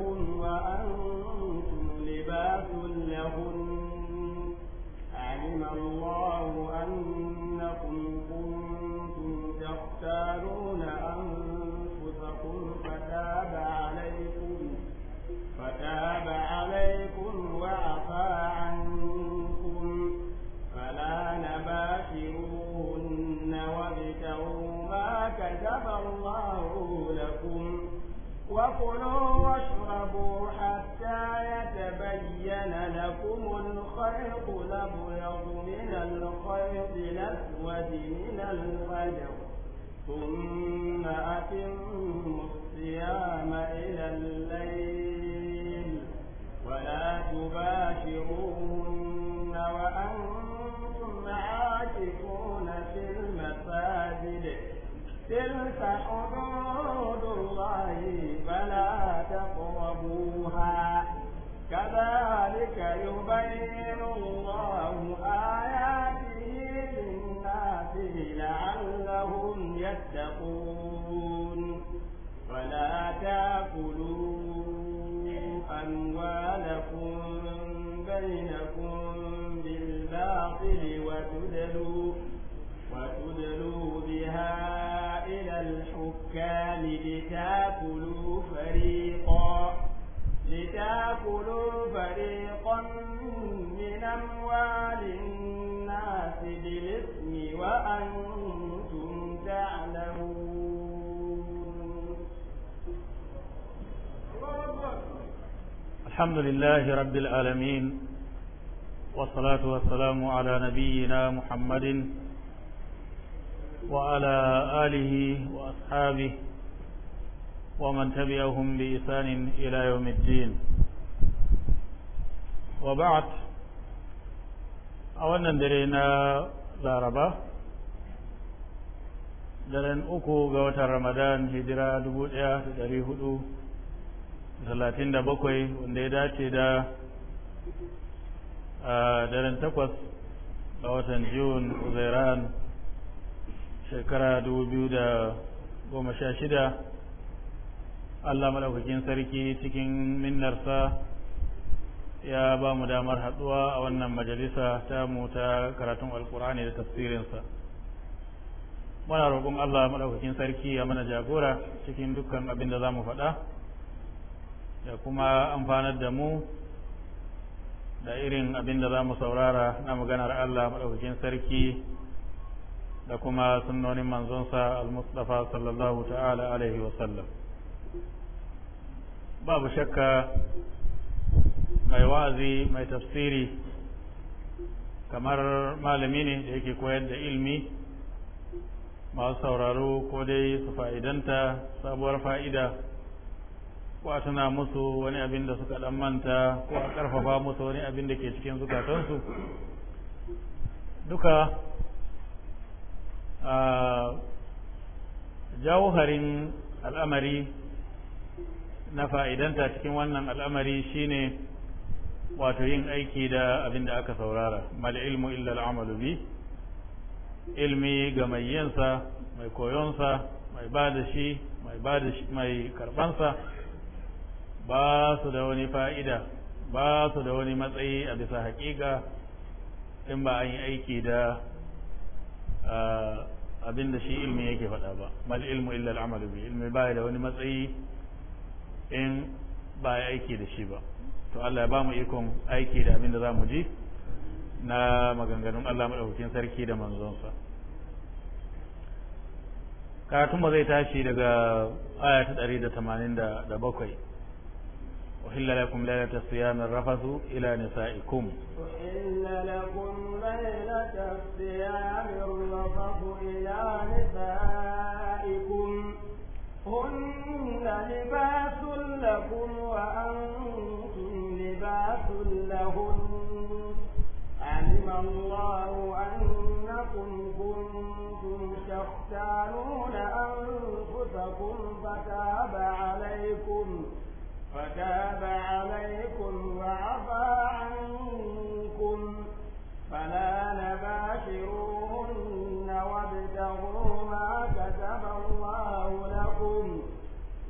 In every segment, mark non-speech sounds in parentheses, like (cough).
يكن الخيط الأبيض من الخيط الأسود من الفجر ثم أتم الصيام إلى الليل ولا تباشرون وأنتم عاشقون في المساجد تلك حدود الله فلا تقربوها كذلك يبين الله آياته للناس لعلهم يتقون ولا تأكلوا أموالكم بينكم بالباطل وتدلوا وتدلوا بها إلى الحكام لتأكلوا فريقاً لتاكلوا فريقا من أموال الناس بالإثم وأنتم تعلمون الحمد لله رب العالمين والصلاة والسلام على نبينا محمد وعلى آله وأصحابه ومن تبعهم بإحسان إلى يوم الدين وبعد أولا درينا لاربا daren uku ga watan ramadan hijira dubu ɗaya da ɗari hudu talatin da bakwai wanda ya dace da daren takwas ga watan jun uzairan shekara dubu biyu da goma sha shida Allah madaukakin sarki cikin minnarsa ya ba mu damar haɗuwa a wannan majalisa ta mu ta karatun alkur'ani da tafsirinsa muna roƙon Allah madaukakin sarki ya mana jagora cikin dukkan abin da za mu faɗa da kuma amfanar da mu da irin abin da za mu saurara na maganar Allah madaukakin sarki da kuma sunnonin manzonsa al-mustafa sallallahu ta'ala alaihi wa sallam babu shakka mai wazi mai tafsiri kamar malami ne da yake koyar da ilmi masu sauraro ko dai su fa'idanta sabuwar fa'ida ko a tuna musu wani abin da suka dan manta ko a karfafa musu wani abin da ke cikin zukatansu duka a harin al'amari na fa'idanta cikin wannan al'amari shine wato yin aiki da abin da aka saurara mal ilmu illa al'amalu bi ilmi ga mai yinsa mai koyonsa mai ba da shi mai ba da karbansa ba su da wani fa'ida ba su da wani matsayi a bisa haƙiƙa in ba an yi aiki da abin da shi ilmi yake faɗa ba mal ilmu illa al'amalu bi ilmi ba da wani matsayi in ba ya aiki da shi ba to Allah ya ba mu ikon aiki da abin da za mu ji na maganganun Allah maɗaukakin sarki da manzonsa karatun ba zai tashi daga aya ta ɗari da tamanin da bakwai وحل لكم ليلة الصيام الرفث إلى نسائكم وحل لكم ليلة الصيام الرفث إلى نسائكم هن لباس لكم وأنتم لباس لَّهُنَّ علم الله أنكم كنتم تختارون أنفسكم فتاب عليكم فتاب عليكم وعفى عنكم فلا نباشروهن وابتغوا ما كتب الله لكم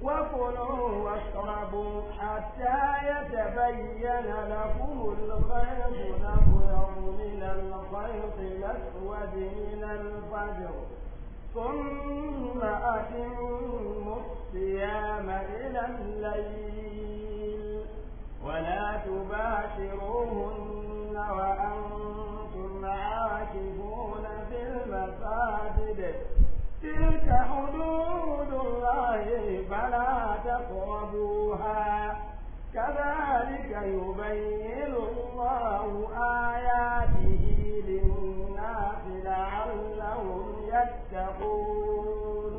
وكلوا واشربوا حتى يتبين لكم الخيط الأبيض من الخيط الأسود من الفجر ثم أتموا الصيام إلى الليل ولا تباشروهن وأنتم والعاكفون في المساجد تلك حدود الله فلا تقربوها كذلك يبين الله آياته للناس لعلهم يتقون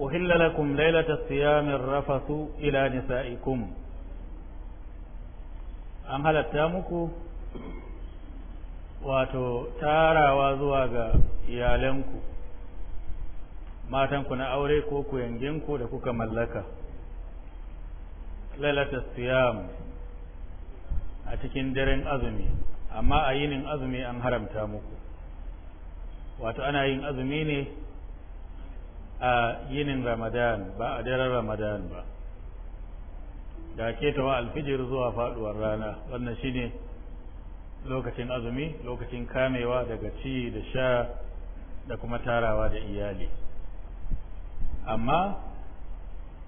أهل لكم ليلة الصيام الرفث إلى نسائكم أم هل muku wato tarawa zuwa ga iyalanku matanku na aure ko ku yanginku da kuka mallaka lalata siyam a cikin daren azumi amma a yinin azumi an haramta muku wato ana yin azumi ne a yinin ramadan ba a daren ramadan ba da ketawa alfijir zuwa faduwar rana wannan shine ne lokacin azumi lokacin kamewa daga ci da sha da kuma tarawa da iyali amma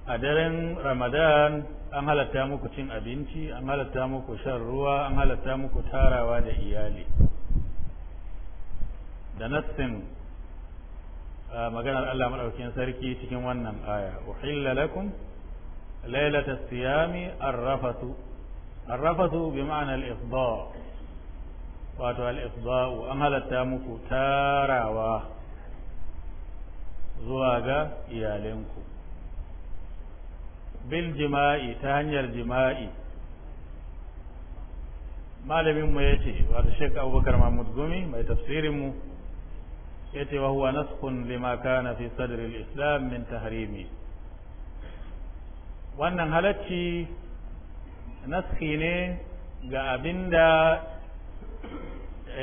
a daren ramadan an halatta muku cin abinci an halatta muku shan ruwa an halatta muku tarawa da iyali da nassin maganar Allah maɗaukin sarki cikin wannan aya uhilla lakum lailata siyami arrafatu arrafatu bi ma'anar ifdar wato al-ifda'u an halatta muku tarawa zuwa ga iyalanku bil jima'i ta hanyar jima'i Malaminmu mu yace wato Sheikh Abubakar Mahmud Gumi mai tafsirin mu yace wa huwa nasqun lima kana fi sadri al-islam min tahrimi wannan halacci naski ne ga abinda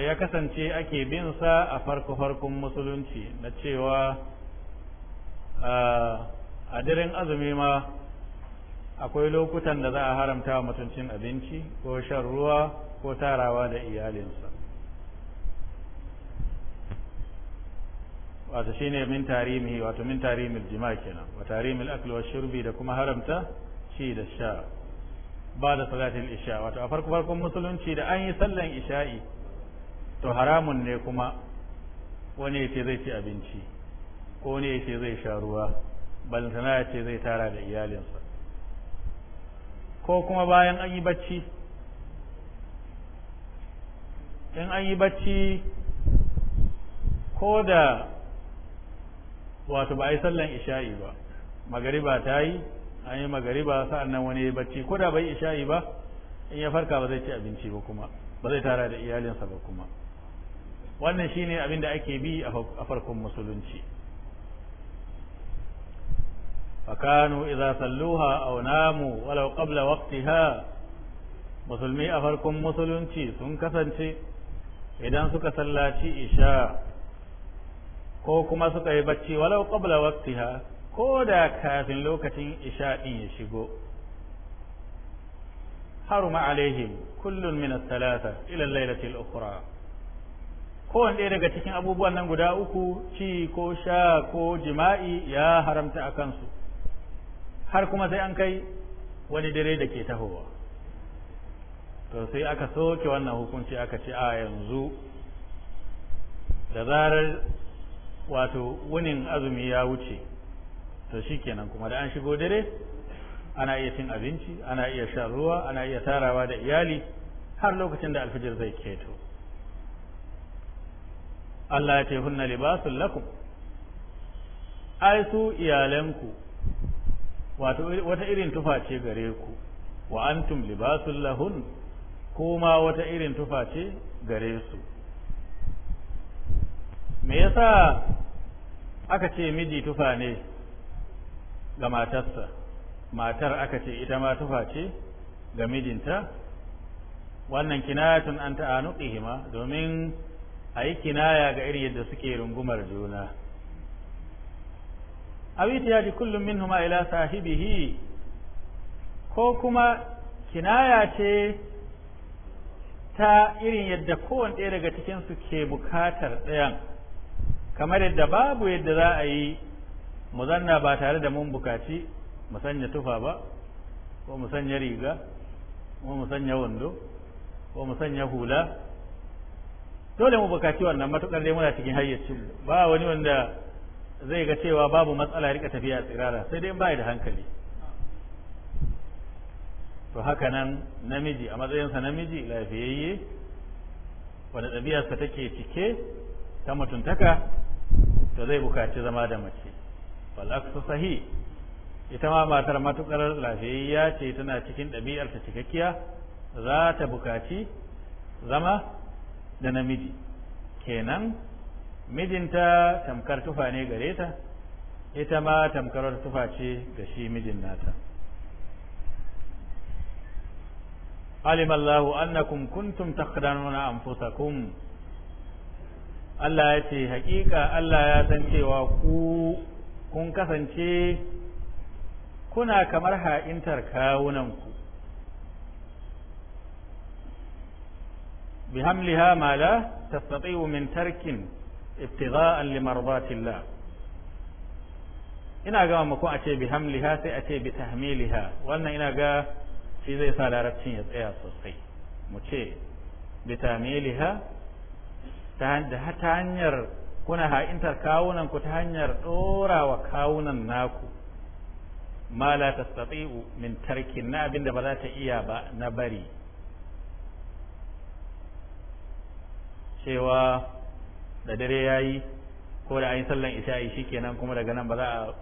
ya kasance ake bin sa a farko-farkon musulunci na cewa a dirin azumi ma akwai lokutan da za a haramta mutuncin abinci ko shan ruwa ko tarawa da iyalinsa shi shine min tarimi wato min tarimil jima kenan wa tarimil akli wa da kuma haramta shi da sha ba da salatin isha wato a farko farkon musulunci da an yi sallan isha'i to haramun ne kuma wani ya ce zai ci abinci ko wani ya ce zai sha ruwa balantana ya ce zai tara da iyalinsa ko kuma bayan an yi bacci in an yi bacci ko da wato ba a yi sallan isha'i ba magariba ta yi an yi magariba nan wani ya bacci ko da bai isha'i ba in ya farka ba zai ci abinci ba kuma ba zai tara da iyalinsa ba kuma wannan shine abin da ake bi a farkon musulunci fakanu idza salluha aw namu walau qabla waqtiha musulmi a farkon musulunci sun kasance idan suka sallaci isha ko kuma suka yi bacci walau qabla waqtiha ko da kafin lokacin isha'in ya shigo haruma alaihim kullun min as-salata ila al-lailati al-ukhra ko ɗaya daga cikin abubuwan nan guda uku ci ko sha ko jima'i ya haramta a kansu har kuma sai an kai wani dare da ke tahowa to sai aka soke wannan hukunci aka ce a yanzu da zarar wato wunin azumi ya wuce to kenan kuma da an shigo dare ana iya cin abinci ana iya shan ruwa ana iya tarawa da iyali har lokacin da alfijir zai keto Allah ya ce hunna libasul lakum ai su iyalanku wato wata irin tufa ce gare ku wa antum libasul lahun kuma wata irin tufa ce gare su me yasa aka ce miji tufa ne ga matarsa matar aka ce ita ma tufa ce ga mijinta wannan kinayatun an ta'anuqihima domin a yi kinaya ga irin yadda suke rungumar juna awiti ya ji kullum min huma ila sahibihi ko kuma kinaya ce ta irin yadda kowane ɗaya daga cikinsu ke bukatar ɗayan kamar yadda babu yadda za a yi mu zanna ba tare da mun bukaci mu sanya tufa ba ko mu sanya riga ko mu sanya wando ko mu sanya hula dole mu bukaci wannan matukar dai muna cikin hayyacin ba wani wanda zai ga cewa babu matsala rika tafiya tsirara sai dai ba da hankali to haka nan namiji a matsayinsa namiji lafiyayye wanda ɗabi'arsa take cike ta mutuntaka to zai bukaci zama da mace falaksu sahi ita ma matar matukar lafiyayya ce tana cikin ɗabi'arta cikakkiya za ta bukaci zama da namiji kenan mijinta tamkar tufa ne gare ta ita ma tamkar tufa ce ga shi mijin nata alim Allahu annakum kuntum taqdanuna anfusakum Allah ya ce hakika Allah ya san cewa ku kun kasance kuna kamar ha'intar kawunanku bihamliha ma la tastati'u min tarkin ibtigha'an limardatillah ina ga ma ku a ce bihamliha sai a ce bitahmiliha wannan ina ga shi zai sa larabcin ya tsaya sosai mu ce bitahmiliha ta hanyar kuna ha'intar kawunan ku ta hanyar dora wa kawunan naku ma la tastati'u min tarkin na abinda ba za ta iya ba na bari cewa da dare yayi ko da yi sallan isha'i shikenan kuma daga nan ba za a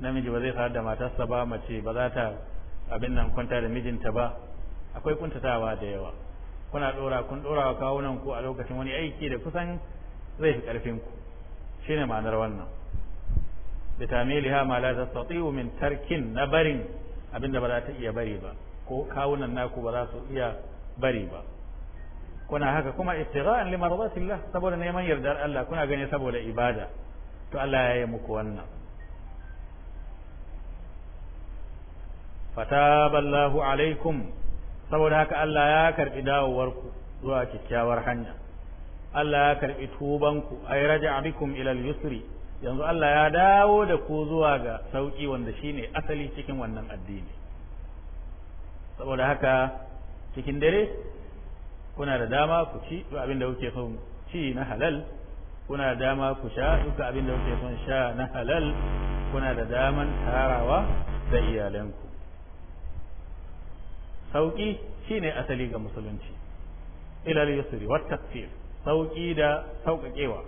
namiji ba zai sarar da matarsa ba mace ba za ta abin nan kwanta da mijinta ba akwai kuntatawa da yawa kuna dora kun dora wa kawunan a lokacin wani aiki da kusan zai fi karfin ku shine ma'anar wannan bitamin tamiliha ma la tastati'u min tarkin na barin abinda ba za ta iya bari ba ko kawunan naku ba za su iya bari ba kuna haka kuma ibtigha'an li mardatillah saboda neman yardar Allah kuna gani saboda ibada to Allah ya yi muku wannan fataballahu alaikum saboda haka Allah ya karbi dawowarku zuwa kyakkyawar hanya Allah ya karɓi tubanku ay raja'a bikum ila al-yusri yanzu Allah ya dawo da ku zuwa ga sauki wanda shine asali cikin wannan addini saboda haka cikin dare kuna da dama ku ci abin da kuke son ci na halal kuna da dama ku sha duk abin da kuke son sha na halal kuna da daman tarawa da iyalanku sauki shine asali ga musulunci ila al-yusri wa tafsir sauƙi da sauƙaƙewa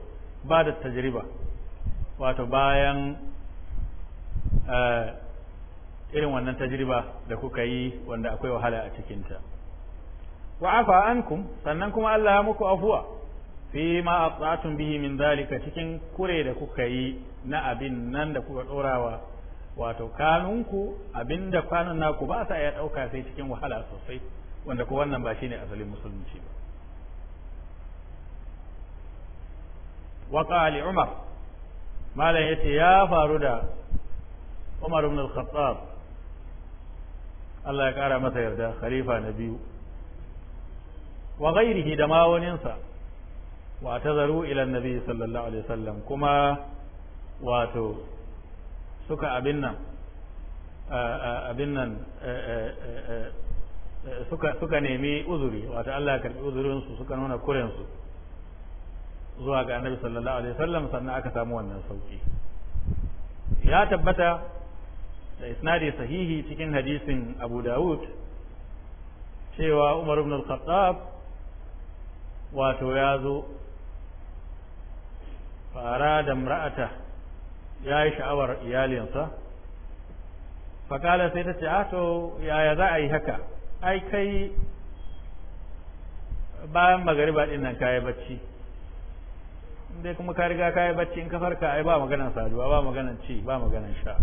ba da tajriba wato bayan eh, irin wannan tajriba da kuka yi wanda akwai wahala a cikinta wa afa ankum sannan kuma Allah ya muku afuwa fi ma aqatum bihi min zalika cikin kure da kuka yi na abin nan da kuka dorawa wato kanunku abinda kwanan naku ba sa ya dauka sai cikin wahala sosai wanda ko wannan ba shine asalin musulunci ba waqa li umar malam yace ya faru da umar ibn al-khattab Allah ya kara masa yarda khalifa na biyu wa ghairihi da ma waninsa wa tazaru ila annabi sallallahu alaihi wasallam kuma wato suka abin nan suka nemi uzuri wato Allah uzurinsu suka nuna kurensu zuwa ga annabi sallallahu alaihi wasallam sannan aka samu wannan sauki ya tabbata da isnadi sahihi cikin hadisin Abu Dawud cewa Umar ibn al-Khattab wato ya zo fara da mra'ata ya yi sha'awar iyalinsa fakala sai ta ce ato ah, yaya za a yi haka ai kai bayan magariba ɗin nan kayi bacci dai kuma ka riga ka yi bacci in ka farka ai ba magana saduwa ba magana ci ba magana sha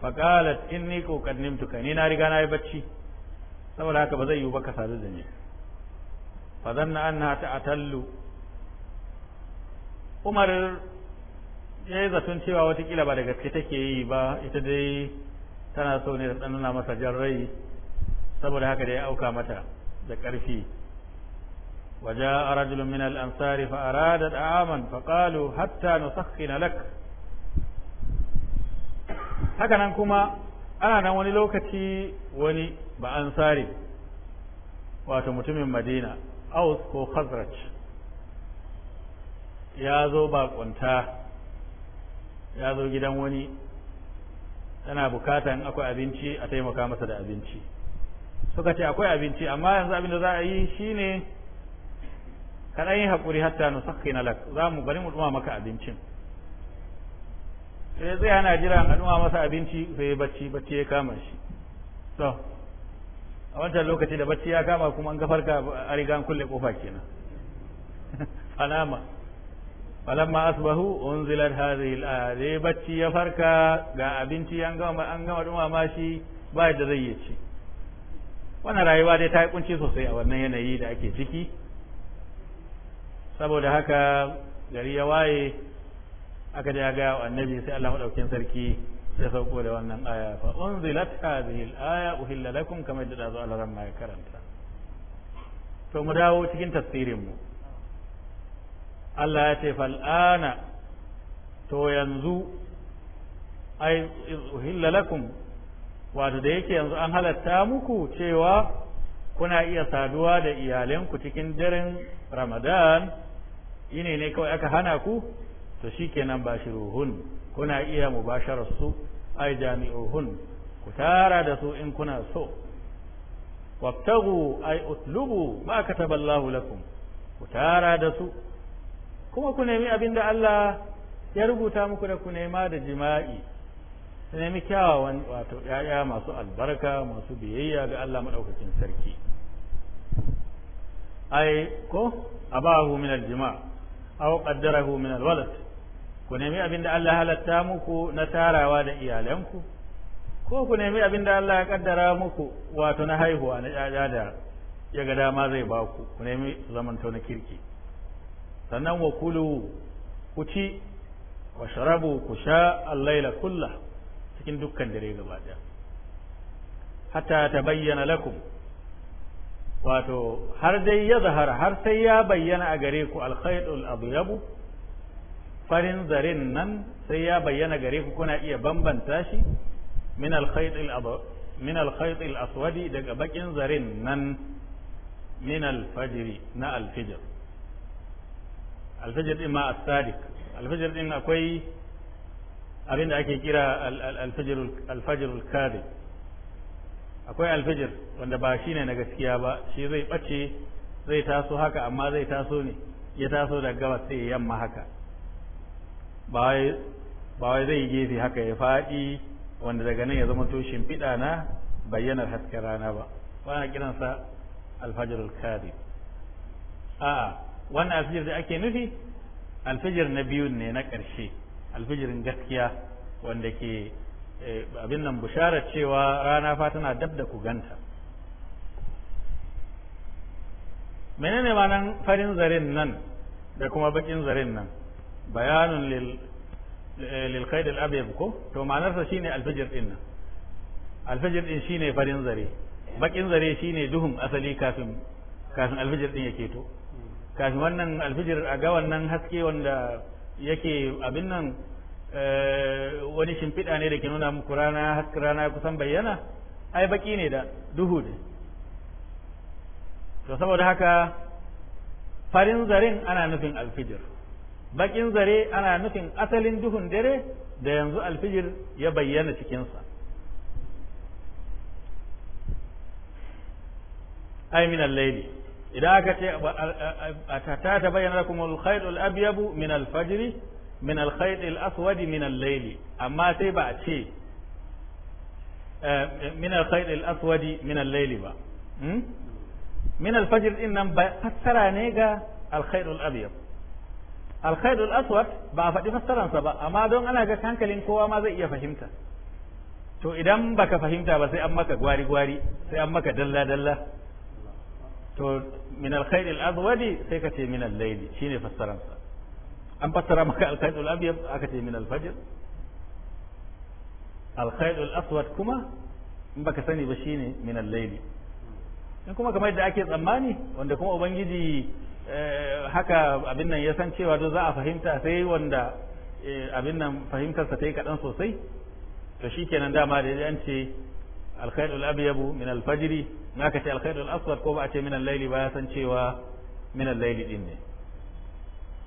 faqalat inni qad nimtuka ni na riga na yi bacci saboda haka ba zai yiwu ba ka sadu da ni fa zanna annaha ta'tallu Umar ya yi zaton cewa watakila ba da gaske take yi ba ita dai tana so ne da tsanana masa jan rai saboda haka da ya auka mata da ƙarfi وجاء رجل من الأنصار فأراد طعاما فقالوا حتى نسخن لك haka nan kuma ana nan wani lokaci wani ba ansari wato mutumin madina aus ko khazraj ya zo bakunta ya zo gidan wani tana bukatan akwai abinci a taimaka masa da abinci suka ce akwai abinci amma yanzu abin da za a yi shine ka dan yi hakuri hatta na lak za mu bari mu duma maka abincin sai zai ana jira an duma masa abinci sai bacci bacci ya kama shi to a wancan lokaci da bacci ya kama kuma an gafarka a riga an kulle kofa kenan (laughs) alama falamma asbahu unzilat hadhihi al-aya bacci ya farka ga abinci an gama an gama dumama shi ba da zai yi ci wannan rayuwa dai ta yi kunci sosai a wannan yanayi da ake ciki saboda haka gari ya waye aka ja ga annabi sai Allah madaukakin sarki ya sauko da wannan aya fa unzilat hadhihi al-aya uhilla lakum kama yadda zo Allah ran ya karanta to mu dawo cikin tafsirin mu Allah ya ce fal ana to yanzu ai uhilla lakum wato da yake yanzu an halatta muku cewa kuna iya saduwa da iyalanku cikin daren Ramadan ine ne kawai aka hana ku to shikenan bashiruhun kuna iya mubasharar su ai jami'uhun ku tara da su in kuna so wabtagu ai utlubu ma kataballahu lakum ku tara da su kuma ku nemi abin da Allah ya rubuta muku da ku nema da jima'i ku nemi kyawawan wato ‘ya'ya masu albarka masu biyayya ga Allah maɗaukakin sarki ai ko abahu min aljima'a aw qaddarahu min alwalad ku nemi abin da Allah halatta muku na tarawa da iyalanku ko ku nemi abin da Allah ya kaddara muku wato na haihuwa na yaya da ya ga dama zai ba ku ku nemi zamantau na kirki sannan wa kulu ku ci wa sharabu ku sha al-laila kullah cikin dukkan dare gaba daya hatta tabayyana lakum wato har dai ya zahar har sai ya bayyana a gare ku alkhaitul abyabu farin zarin nan sai ya bayyana gare ku kuna iya bambanta shi min alkhaitul min aswadi daga bakin zarin nan min alfajiri na alfijir alfijir din ma as-sadiq alfijir din akwai abinda ake kira alfajirul alfajirul akwai alfijir wanda ba shi ne na gaskiya ba shi zai bace zai taso haka amma zai taso ne ya taso da gabas sai yamma haka ba wai zai gefe haka ya faɗi wanda daga nan ya zama to shimfiɗa na bayyanar hasken rana ba ba kiransa alfajir al a a'a wannan alfijir da ake nufi alfijir na biyun ne na ƙarshe alfijirin gaskiya wanda ke Eh, abin nan bushara cewa rana fa tana dab da ku ganta menene nan farin zarin nan da kuma bakin zarin nan bayanun lil eh, lil al abyad ko to ma'anarsa shine fajr din nan fajr din shine farin zare bakin zare shine duhun asali kafin kafin fajr din yake to kafin wannan fajr a ga wannan haske wanda yake abin nan wani shimfiɗa ne da ke nuna muku rana haska rana kusan bayyana ai baki ne da duhu ne to saboda haka farin zaren ana nufin alfijir bakin zare ana nufin asalin duhun dare da yanzu alfijir ya bayyana cikinsa ai min al idan aka ce ta ta bayyana kuma al-khayr al min al-fajr من الخيط الأسود من الليل أما تبع شيء آه، من الخيط الأسود من الليل با. من الفجر إنما فسر نيجا الخيط الأبيض الخيط الأسود بقى فدي فسر سبا أما دون أنا كان كلين كوا ما زي فهمت تو إدم بك فهمت بس أمك غواري غواري سي أمك دلا دلا تو من الخيط الأسود سيكتي من الليل شيني فسر سبا an fassara maka alkhaidul abyad aka ce min alfajir alkhaidul aswad kuma in baka sani ba shine min al-layli in kuma kamar yadda ake tsammani wanda kuma ubangiji haka abin nan ya san cewa do za a fahimta sai wanda abin nan fahimtarsa ta yi kaɗan sosai to shi kenan dama da an ce alkhairul abyabu min alfajiri na ka ce alkhairul aswad ko ba a ce min al-laili ba ya san cewa min al-laili din ne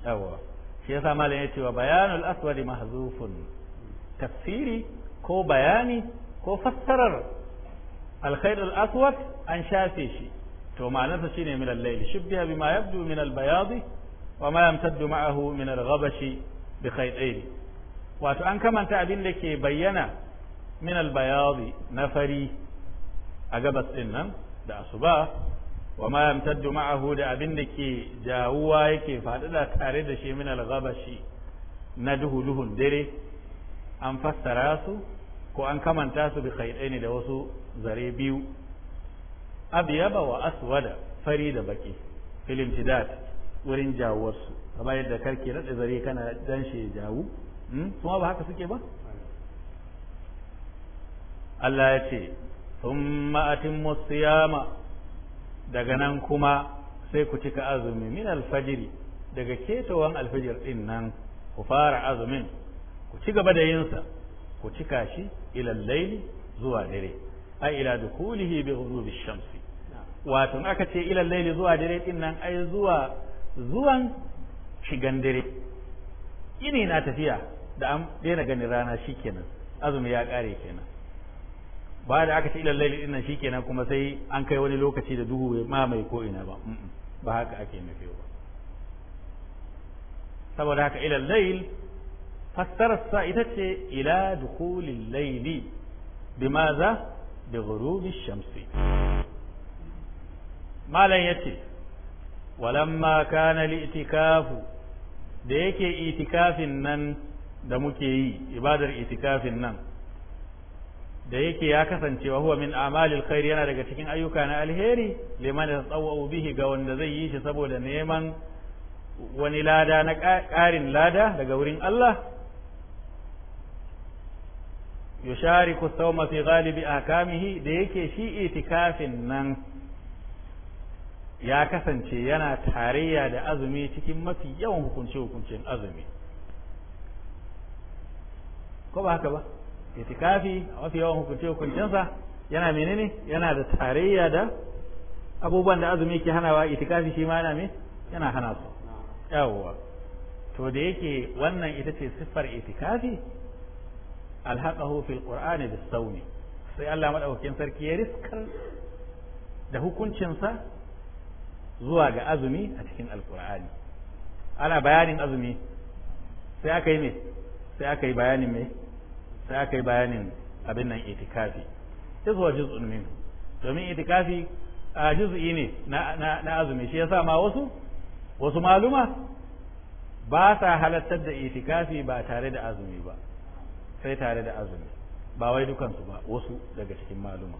yawwa shi yasa malam ya wa bayanul aswadi mahzufun tafsiri ko bayani ko fassarar alkhairul aswad an shafe shi to ma'anarsa shine min al-layl shubbiha bima yabdu min al-bayadi wa ma yamtaddu ma'ahu min al-ghabashi bi khaytayn wato an kamanta abin da ke bayyana min al-bayadi na fari a gabas din nan da asuba wa ma yamtaddu ma'ahu da abin da ke jawuwa yake faɗaɗa tare da shi min al-ghabashi na duhu duhun dare an fassara su ko an kamanta su bi khaidaini da wasu zare biyu abyaba wa aswada fari da baki fil imtidad wurin jawuwar su kamar yadda karke daɗe zare kana dan shi jawu hmm? kuma ba haka suke ba Allah ya ce thumma musu yama. daga nan kuma sai ku cika azumi min alfajiri daga ketawan alfajir din nan ku fara azumin ku ci gaba da yinsa ku cika shi ilal zuwa dare ai ila dukulihi bi ghurubi shamsi wato aka ce ilal zuwa dare din nan ai zuwa zuwan shigan dare ini na tafiya da an daina ganin rana shikenan azumi ya kare kenan ba da aka ce ilal laili din nan shikenan kuma sai an kai wani lokaci da duhu bai mamaye ko ina ba ba haka ake nufi ba saboda haka ilal lail fassarar sa ita ce ila dukhulil laili bimaza bi ghurubi shamsi malam yace walamma kana li itikafu da yake itikafin nan da muke yi ibadar itikafin nan da yake ya kasance wa huwa min amalil khair yana daga cikin ayyuka na alheri liman tsawwa bihi ga wanda zai yi shi saboda neman wani lada na ƙarin lada daga wurin Allah yushariku sawma fi ghalibi ahkamihi da yake shi itikafin nan ya kasance yana tarayya da azumi cikin mafi yawan hukunce hukuncin azumi ko ba haka ba itikafi a wasu yawan hukunce hukuncensa yana menene yana da tarayya da abubuwan da azumi ke hanawa itikafi shi ma yana me yana hana su yawwa to da yake wannan ita ce siffar itikafi alhaqahu fil qur'ani bis sawmi sai Allah madaukakin sarki ya riskar da hukuncinsa zuwa ga azumi a cikin alqur'ani ana bayanin azumi sai aka yi me sai aka yi bayanin me sai aka yi bayanin abin nan itikafi sai zuwa juz'un min domin itikafi a juz'i ne na azumi shi yasa ma wasu wasu maluma ba sa halattar da itikafi ba tare da azumi ba sai tare da azumi ba wai dukansu ba wasu daga cikin maluma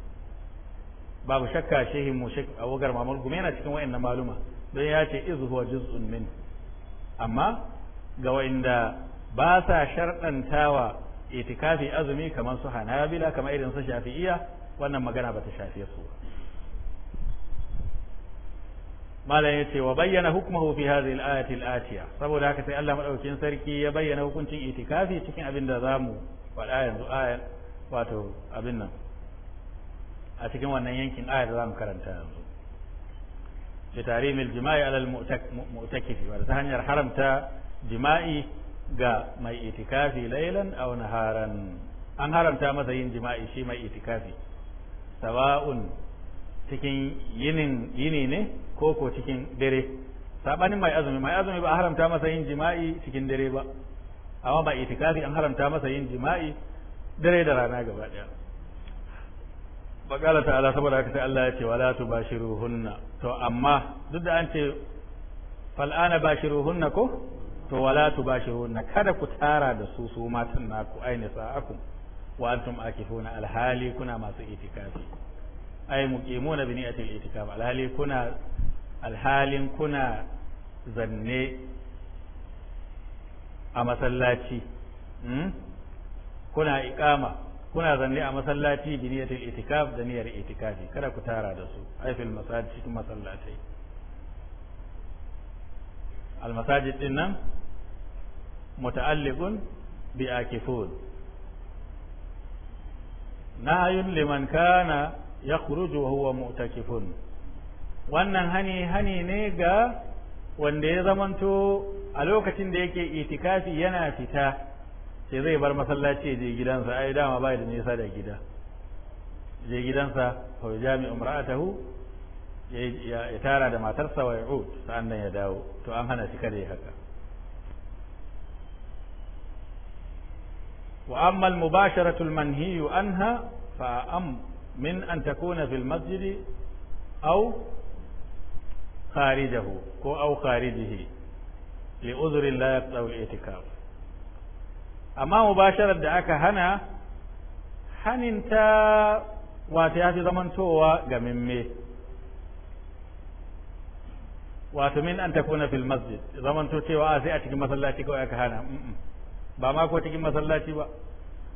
babu shakka shehin mu shek awogar mamul gume yana cikin wayannan maluma don ya ce izu huwa juz'un min amma ga wayanda ba sa sharɗantawa itikafi azumi kamar su hanabila kamar irin su shafi'iya wannan magana bata shafe su malam ce wa bayyana hukmuhu fi hadhihi al-ayati al-atiya saboda haka sai Allah madaukakin sarki ya bayyana hukuncin itikafi cikin abin da zamu faɗa yanzu ayan wato abin nan a cikin wannan yankin ayar da zamu karanta yanzu bi tarimil jima'i alal mu'takifi wa ta hanyar haramta jima'i ga mai itikafi lailan aw naharan an haramta masa yin jima'i shi mai itikafi sawa'un cikin yinin yini ne ko ko cikin dare sabanin mai azumi mai azumi ba a haramta masa yin jima'i cikin dare ba amma ba itikafi an haramta masa yin jima'i dare da rana gaba daya bakala ta'ala saboda haka sai Allah ya ce wala tubashiruhunna to amma duk da an ce fal'ana bashiruhunna ko to wala tubashiruna kada ku tara da su su matan naku aini sa'akum wa antum akifuna alhali kuna masu itikafi ay muqimuna bi ni'atil itikaf alhali kuna alhalin kuna zanne a masallaci hmm? kuna iqama kuna zanne a masallaci bi niyatul itikaf da niyyar itikafi kada ku tara da su ay fil masajid cikin masallatai al masajid nan muta'alliqun bi akifun nahayun liman kana yakhruju wa huwa mu'takifun wannan hani hani ne ga wanda ya zamanto a lokacin da yake itikafi yana fita sai zai bar masallaci je gidansa ai dama bai da nisa da gida je gidansa fa jami'u imra'atahu ya tara da matarsa wa ya'ud sa'annan ya dawo to an hana shi kare haka وأما المباشرة المنهي عنها فأم من أن تكون في المسجد أو خارجه أو خارجه لعذر لا يقطع الاعتكاف أما مباشرة دعك هنا haninta wato ya zamantowa ga mimme wato min an takuna fil masjid zamanto cewa a sai a cikin masallaci aka hana ba ma ko cikin masallaci ba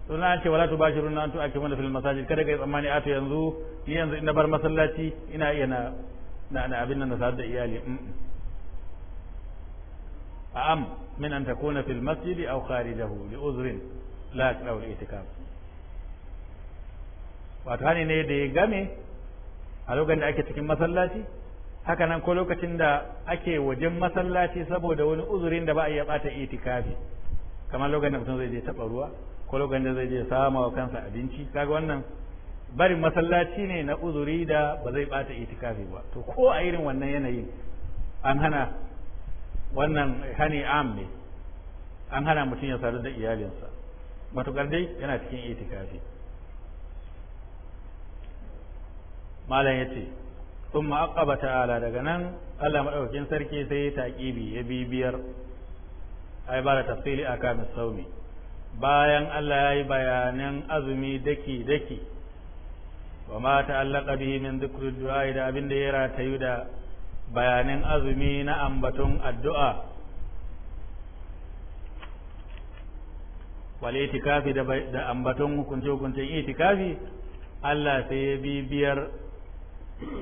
to na ce wala tubashiruna antu akimu fil masajid kada kai tsammani a to yanzu ni yanzu ina bar masallaci ina iya na na abin nan na sadar da iyali am أعم من أن تكون في المسجد أو خارجه لأذر لا أو itikaf wato hani ne da ya game a lokacin da ake cikin masallaci haka nan ko lokacin da ake wajen masallaci saboda wani uzurin da ba a iya bata itikafi kamar lokacin da mutum zai je taɓa ruwa ko lokacin da zai je sama wa kansa abinci kaga wannan barin masallaci ne na uzuri da ba zai bata itikafi ba to ko a irin wannan yanayin an hana wannan hani am ne an hana mutum ya sadu da iyalinsa matukar dai yana cikin itikafi malam ya ce sun ma'aƙaba ta'ala daga nan allah maɗaukakin sarki sai ya ya bibiyar ai ba da tafsili a kamis saumi bayan Allah ya yi bayanan azumi daki daki wa ma ta'allaqa bihi min dhikri du'a da abin da ya ratayu da bayanan azumi na ambaton addu'a wal itikafi da ambaton hukunce hukuncen itikafi Allah sai ya bibiyar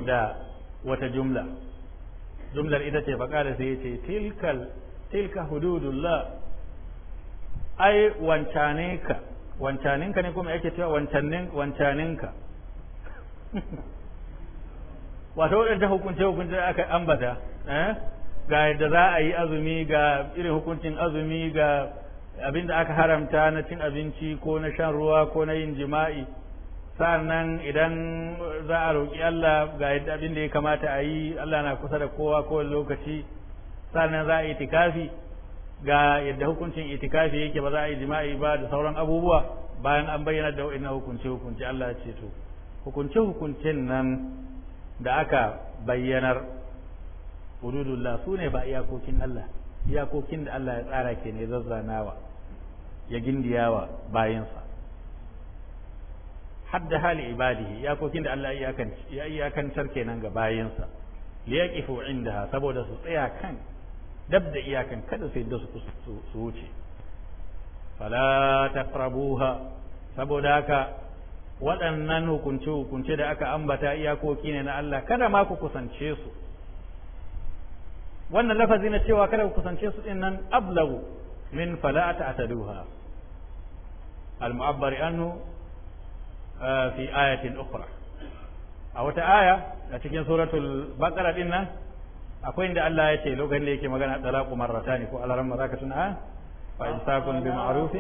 da wata jumla jumlar ita ce faƙa da sai ya ce tilkal tilka hududullah ai wancaninka wancaninka ne kuma yake cewa wancanin wancaninka (laughs) wato ta hukunce hukunce aka ambata eh? ga yadda za a yi azumi ga irin hukuncin azumi ga abin da aka haramta na cin abinci ko na shan ruwa ko na yin jima'i sannan idan za a roƙi Allah ga yadda abin da ya kamata a yi Allah na kusa da kowa kowane lokaci sannan za a yi itikafi ga yadda hukuncin itikafi yake ba za a yi jima'i ba da sauran abubuwa bayan an bayyana da wa'in hukunce hukunce Allah ya ce to hukunce hukuncin nan da aka bayyanar hududullah su ne ba iyakokin Allah iyakokin da Allah ya tsara ke ne zazzanawa ya gindiyawa bayansa hadda hali ibadihi iyakokin da Allah ya iyakantar kenan ga bayansa liyaqifu indaha saboda su tsaya kan dab da iyakan kada sai yadda su wuce fala taqrabuha saboda haka waɗannan hukunce hukunce da aka ambata iyakoki ne na Allah kada ma ku kusance su wannan lafazi na cewa kada ku kusance su din nan ablagu min fala ta'taduha al-mu'abbar anhu uh, fi ayatin ukhra a wata aya a cikin suratul baqara din nan akwai inda Allah ya ce lokacin da yake magana talaqu marratan ko alaran ma zaka tuna fa insakun bi ma'ruf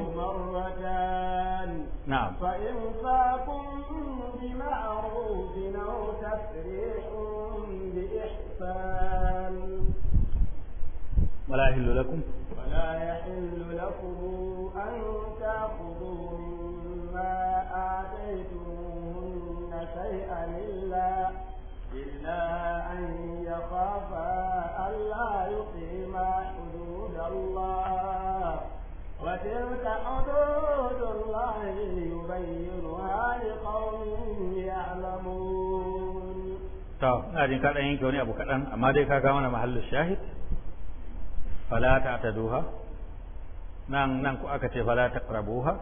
na'am fa insakun bi ma'ruf aw tasrihun bi ihsan ولا يحل لكم ولا يحل لكم أن تأخذوا مما آتيتموهن شيئا إلا إلا أن يخافا ألا يقيما حدود الله وتلك حدود الله يبينها لقوم يعلمون طب أدين كان ينكي وني أبو أما محل الشاهد فلا تعتدوها nan nan ku aka ce fala taqrabuha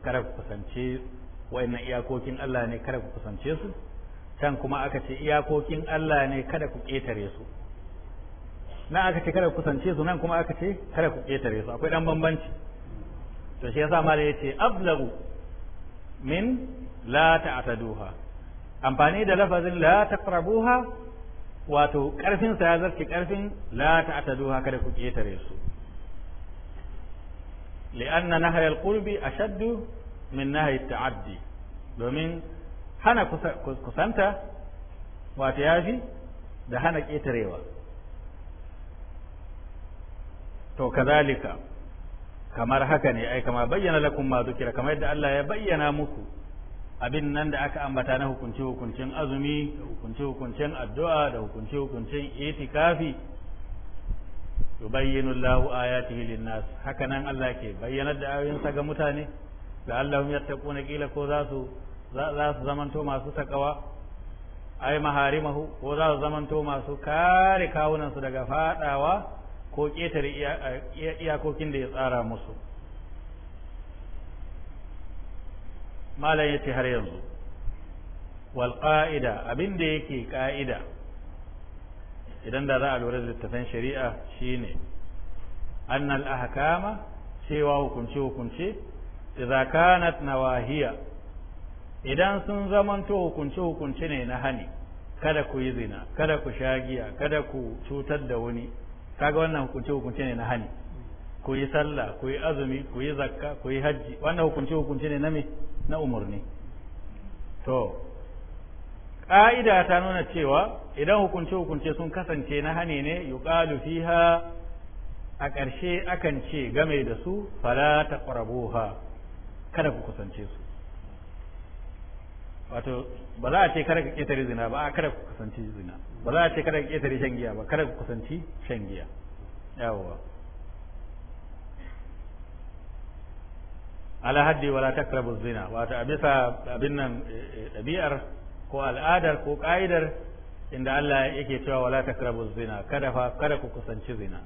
kada ku kusance na iyakokin Allah ne kada ku kusance su can kuma aka ce iyakokin Allah ne kada ku ƙetare su nan aka ce kada ku kusance su nan kuma aka ce kada ku ƙetare su akwai dan bambanci to shi yasa mala yace ablagu min la ta'taduha amfani da lafazin la taqrabuha wato karfin sa ya zarce karfin la ta'taduha kada ku ƙetare su li'anna nahya al-qurbi ashaddu min nahyi at-ta'addi domin hana kusanta ya yafi da hana ƙetarewa to kazalika kamar haka ne ai kama bayyana lakum ma zukira kamar yadda Allah ya bayyana muku abin nan da aka ambata na hukunce hukuncen azumi da hukunce hukuncen addu'a da hukunce hukuncen itikafi yubayyinu Allahu ayatihi lin-nas haka nan Allah ke bayyanar da ayoyinsa ga mutane da Allahum yattaquna kila ko za su za su zamanto masu takawa ai maharimahu ko za su zamanto masu kare kawunansu daga fadawa ko ƙetare iyakokin da ya tsara musu malam ya ce har yanzu wal ƙa'ida abin da yake ƙa'ida idan da za a lura da littafin shari'a shine annal ahkama cewa hukunce hukunce idza kanat nawahiya idan sun zamanto hukunce hukunce ne na hani kada ku yi zina kada ku sha giya kada ku cutar da wani kaga wannan hukunce hukunce ne na hani ku yi sallah ku yi azumi ku yi zakka ku yi hajji wannan hukunce hukunce ne na me na umarni to ƙa'ida ta nuna cewa idan hukunce hukunce sun kasance na hani ne yuqalu fiha a ƙarshe akan ce game da su fala taqrabuha kada ku kusance su wato ba za a ce kada ka ƙetare zina ba a kada ku kusanci zina ba za a ce kada ka ƙetare shan giya ba kada ku kusanci shan giya yawwa ala haddi wala takrabu zina wato a bisa abin nan eh, eh, ɗabi'ar ko al'adar ko ƙa'idar inda Allah yake cewa wala takrabu zina kada fa kada ku kusanci zina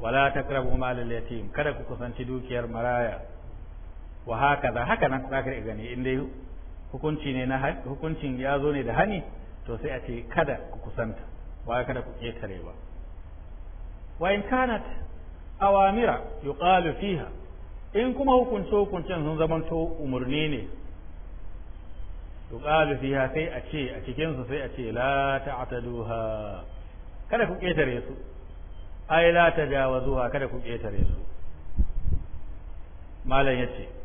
wala takrabu malal yatim kada ku kusanci dukiyar maraya wa haka da haka nan za ka gani inda hukunci ne na hukuncin ya zo ne da hani to sai a ce kada ku kusanta wa kada ku ƙetare ba wa in kanat awamira yuqalu fiha in kuma hukunce hukuncen sun to umurni ne yuqalu fiha sai a ce a cikin su sai a ce la ta'taduha kada ku ƙetare su ai la tajawazuha kada ku ƙetare su malam yace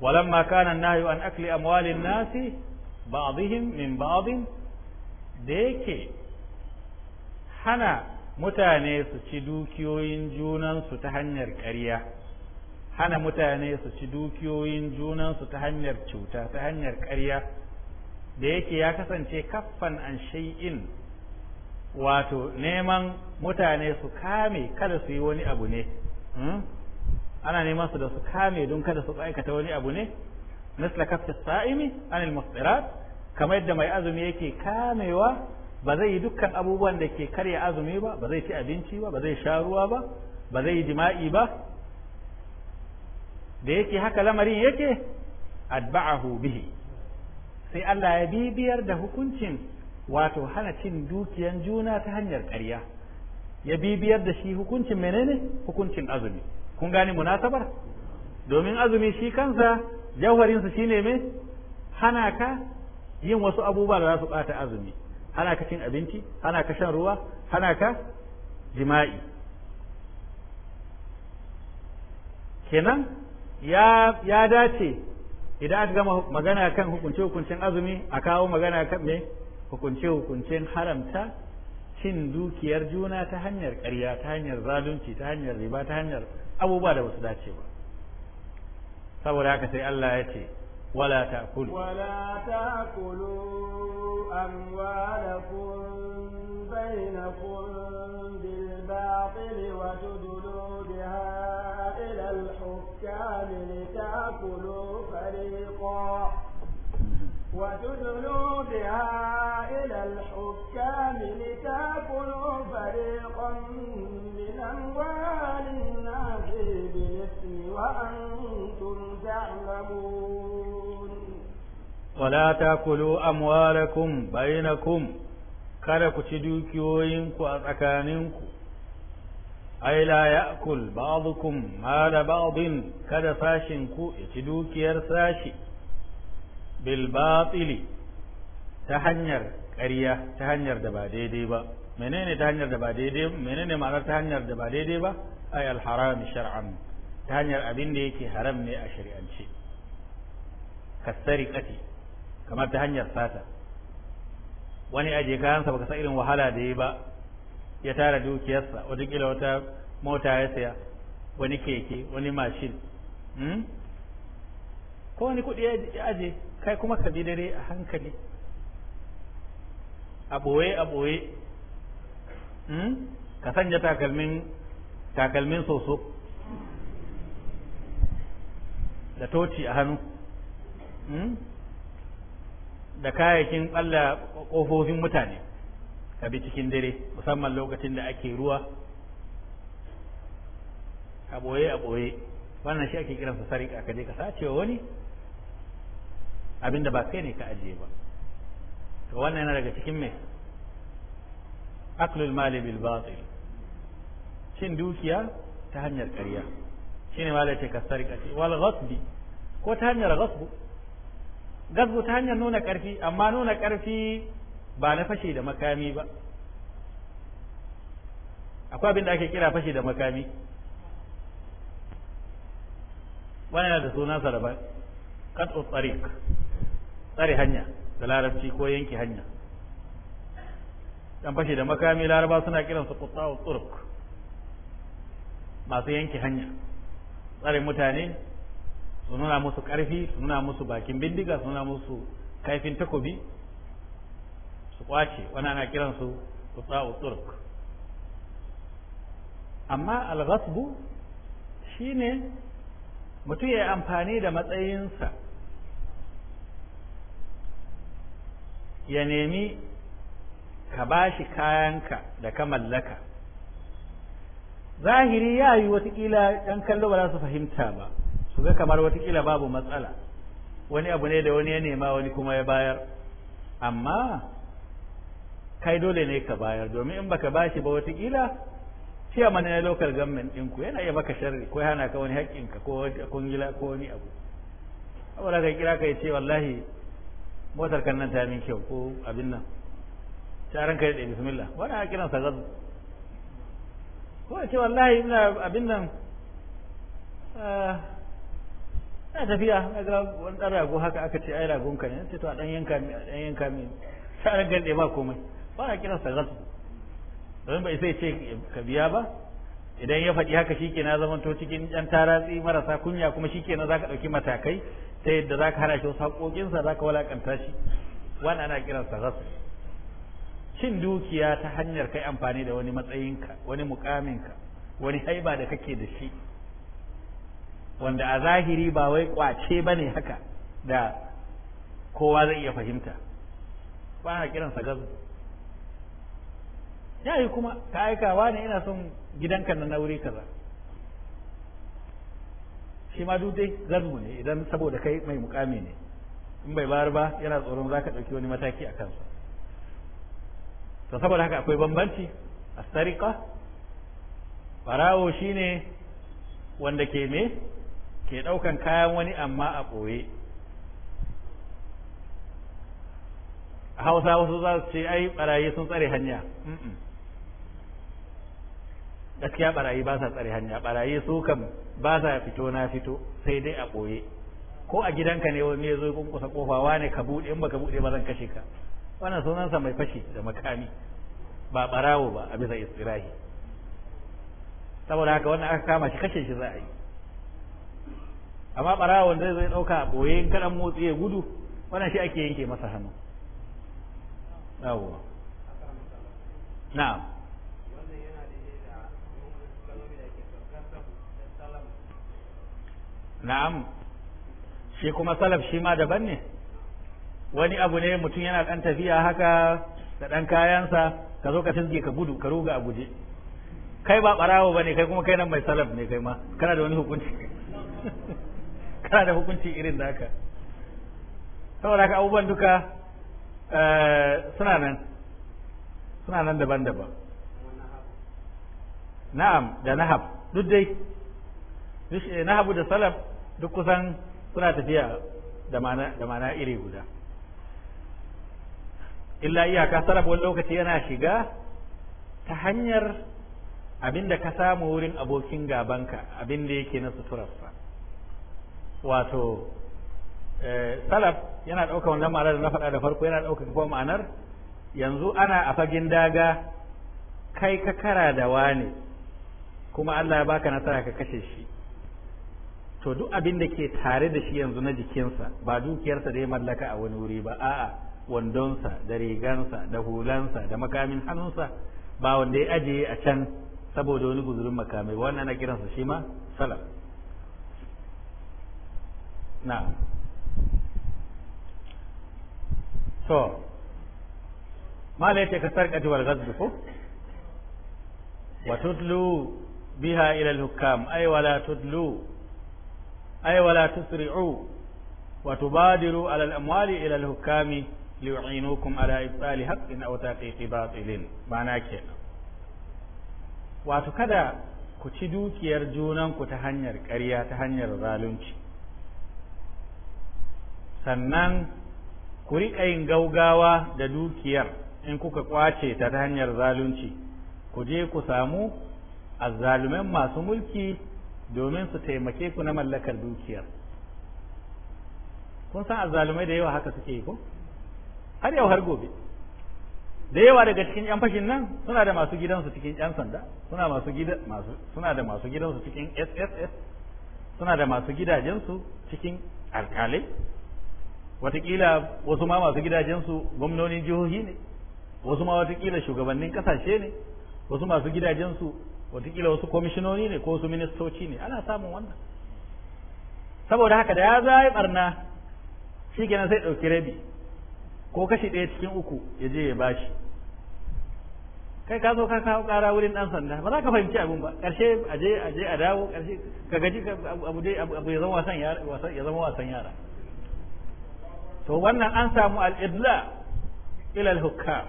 ولما كان النهي عن أكل أموال الناس بعضهم من بعض ديك hana mutane su ci dukiyoyin junansu ta hanyar ƙarya hana mutane su ci dukiyoyin junansu ta hanyar cuta ta hanyar ƙarya da yake ya kasance kaffan an shay'in wato neman mutane su kame kada su yi wani abu ne ana neman su da su kame don kada su aikata wani abu ne misla kafta sa'imi al mustirat kamar yadda mai azumi yake kamewa ba zai yi dukkan abubuwan da ke karya azumi ba ba zai ci abinci ba ba zai sha ruwa ba ba zai yi jima'i ba da yake haka lamarin yake adba'ahu bihi sai Allah ya bibiyar da hukuncin wato hana cin dukiyan juna ta hanyar ƙarya ya bibiyar da shi hukuncin menene hukuncin azumi kun gane munasabar domin azumi shi kansa jawharinsa shine me hana ka yin wasu abubuwa da za su bata azumi hana ka cin abinci hana ka shan ruwa hana ka jima'i kenan ya ya dace idan aka gama magana kan hukunce hukuncen azumi a kawo magana kan me hukunce hukuncen haramta cin dukiyar juna ta hanyar ƙarya ta hanyar zalunci ta hanyar riba ta hanyar abubuwa da basu dace ba saboda haka sai Allah ya ce wala ta'kulu wala ta'kulu amwalakum bainakum bil batil wa tudlu biha ila al takulu litakulu fariqan وتدلوا بها إلى الحكام لتاكلوا فريقا من أموال الناس بالإثم وأنتم تعلمون ولا تاكلوا أموالكم بينكم kada ku ci dukiyoyinku a tsakaninku ai la ya'kul ba'dukum mala ba'din kada fashin ku ya ci dukiyar sashi bil batili ta hanyar ƙarya ta hanyar da ba daidai ba menene ta hanyar da ba daidai menene ma'anar ta hanyar da ba daidai ba ay al haram shar'an ta hanyar abin da yake haram ne a shari'ance kati kamar ta hanyar sata wani aje kayansa baka san irin wahala da yi ba ya tara dukiyarsa kila wata mota ya saya wani keke wani mashin hmm? ko wani kuɗi ya aje kai kuma ka bi dare a hankali a boye a boye hmm? ka sanya takalmin takalmin soso da toci a hannu hmm? da kayayyakin tsalla ƙofofin mutane ka bi cikin dare musamman lokacin da ake ruwa a boye a boye wannan shi ake kiransa sarika ka je ka sace wani abinda ba kai ne ka ajiye ba to wannan yana daga cikin mai aklul mali bil batil cin dukiya ta hanyar ƙarya shine malai ce kasarika ce wal ghasbi ko ta hanyar ghasbu ghasbu ta hanyar nuna ƙarfi amma nuna ƙarfi ba na fashe da makami ba akwai abin da ake kira fashe da makami wannan da da ba qat'u tariq tsare hanya da larabci ko yanke hanya dan fashe da makami laraba suna kiransu quttawu turuk masu yanke hanya tsare mutane su nuna musu karfi su nuna musu bakin bindiga su nuna musu kaifin takobi su kwace wani ana kiransu quttawu turuk amma al-ghasbu shine mutum ya amfani da matsayinsa ya nemi ka bashi kayanka da ka mallaka zahiri ya yi watakila ɗan kallo ba za su fahimta ba su ga kamar watakila babu matsala wani abu ne da wani ya nema wani kuma ya bayar amma kai dole ne ka bayar domin in baka bashi ba watakila ciya mana na local government ɗinku yana iya baka sharri ko hana ka wani haƙƙinka ko wani ko wani abu abu da ka kira ka ce wallahi motar kan nan ta min kyau ko abin nan taron kai da bismillah wani a kiran gazu ko ce wallahi ina abin nan eh, na tafiya na ga wani dan rago haka aka ce ai ragon ka ne ce to a dan yanka mi a ɗan yanka mi taron kai da ba komai ba a kiran gazu don bai sai ce ka biya ba idan ya faɗi haka shi ke na zamanto cikin ƴan taratsi marasa kunya kuma shi ke na za ka ɗauki matakai ta yadda za ka hana shi wasu haƙoƙinsa za ka walaƙanta shi wani ana kiransa rasu cin dukiya ta hanyar kai amfani da wani matsayinka wani mukaminka wani haiba da kake da shi wanda a zahiri ba wai kwace ba ne haka da kowa zai iya fahimta ba na kiransa gazu ya yi kuma ka aikawa ne ina son gidanka na wuri kaza shi ma duk dai zanmu ne idan saboda kai mai mukami ne in bai bayar ba yana tsoron za ka ɗauki wani mataki a kansa to saboda haka akwai bambanci a astarika barawo ne wanda ke me ke ɗaukan kayan wani amma a ɓoye a hausa wasu za su ce ai barayi sun tsare hanya gaskiya barayi ba sa tsare hanya barayi su kan ba sa fito na fito sai dai a ɓoye ko a gidanka ne wani ya zo kusa kofa wane ka bude in baka bude ba zan kashe ka wannan sunansa mai fashi da makami ba barawo ba a bisa istirahi saboda haka wannan aka kama shi kashe shi za a yi amma barawon zai zai ɗauka a boye in kaɗan motsi ya gudu wannan shi ake yanke masa hannu yawwa na'am na'am shi kuma salaf shi ma daban ne wani abu ne mutum yana dan tafiya haka da dan kayansa ka zo ka tinge ka gudu ka ruga a guje kai ba barawo ba ne kai kuma kai nan mai salaf ne kai ma kana da wani hukunci (laughs) kana da hukunci irin da haka saboda haka abubuwan duka eh, suna nan suna nan daban-daban na'am da nahab duk dai eh, nahabu da salaf duk kusan suna tafiya da ma'ana iri guda illa iyaka sarrafa wani lokaci yana shiga ta hanyar abin da ka samu wurin abokin gabanka da yake na suturarsa wato eh, salaf yana ɗaukar wannan ma'anar da na faɗa da farko yana ɗaukar kuma ma'anar yanzu ana a fagen daga kai ka kara da wane kuma Allah ya baka nasara ka kashe shi to duk abin da ke tare da shi yanzu na jikinsa ba dukiyarsa da ya mallaka a wani wuri ba a'a wandonsa da rigansa da hulansa da makamin hannunsa ba wanda ya ajiye a can saboda wani guzurin makamai wannan na kiransa shi ma Salam. na so mala ka sarkaci wal ko wa biha ila al hukam ay wala tudlu ay wala tusri'u wa tubadiru ala al-amwali ila al-hukami liyu'inukum ala ibtali haqqin aw taqiqi batilin ma'ana ke wato kada ku ci dukiyar junan ku ta hanyar ƙarya ta hanyar zalunci sannan ku riƙa yin gaugawa da dukiyar in kuka kwace ta ta hanyar zalunci ku je ku samu azzaluman masu mulki domin su taimake ku na mallakar dukiyar kun san azalumai da yawa haka suke yi ko har yau har gobe da yawa daga cikin yan fashin nan suna da masu gidansu cikin yan sanda suna masu gida masu suna da masu gidansu cikin SSS suna da masu gidajensu cikin alkalai watakila wasu ma masu gidajensu gwamnonin jihohi ne wasu ma watakila shugabannin kasashe ne wasu masu gidajensu wataƙila wasu komishinoni ne ko wasu ministoci ne ana samun wannan saboda haka da ya zai barna shi kenan sai ɗauki rabi ko kashi ɗaya cikin uku ya je ya bashi kai ka zo ka kawo ƙara wurin ɗan sanda ba za ka fahimci abin ba ƙarshe a je a dawo ƙarshe ka gaji abu dai ya zama wasan yara to wannan an samu al'idla ilal hukka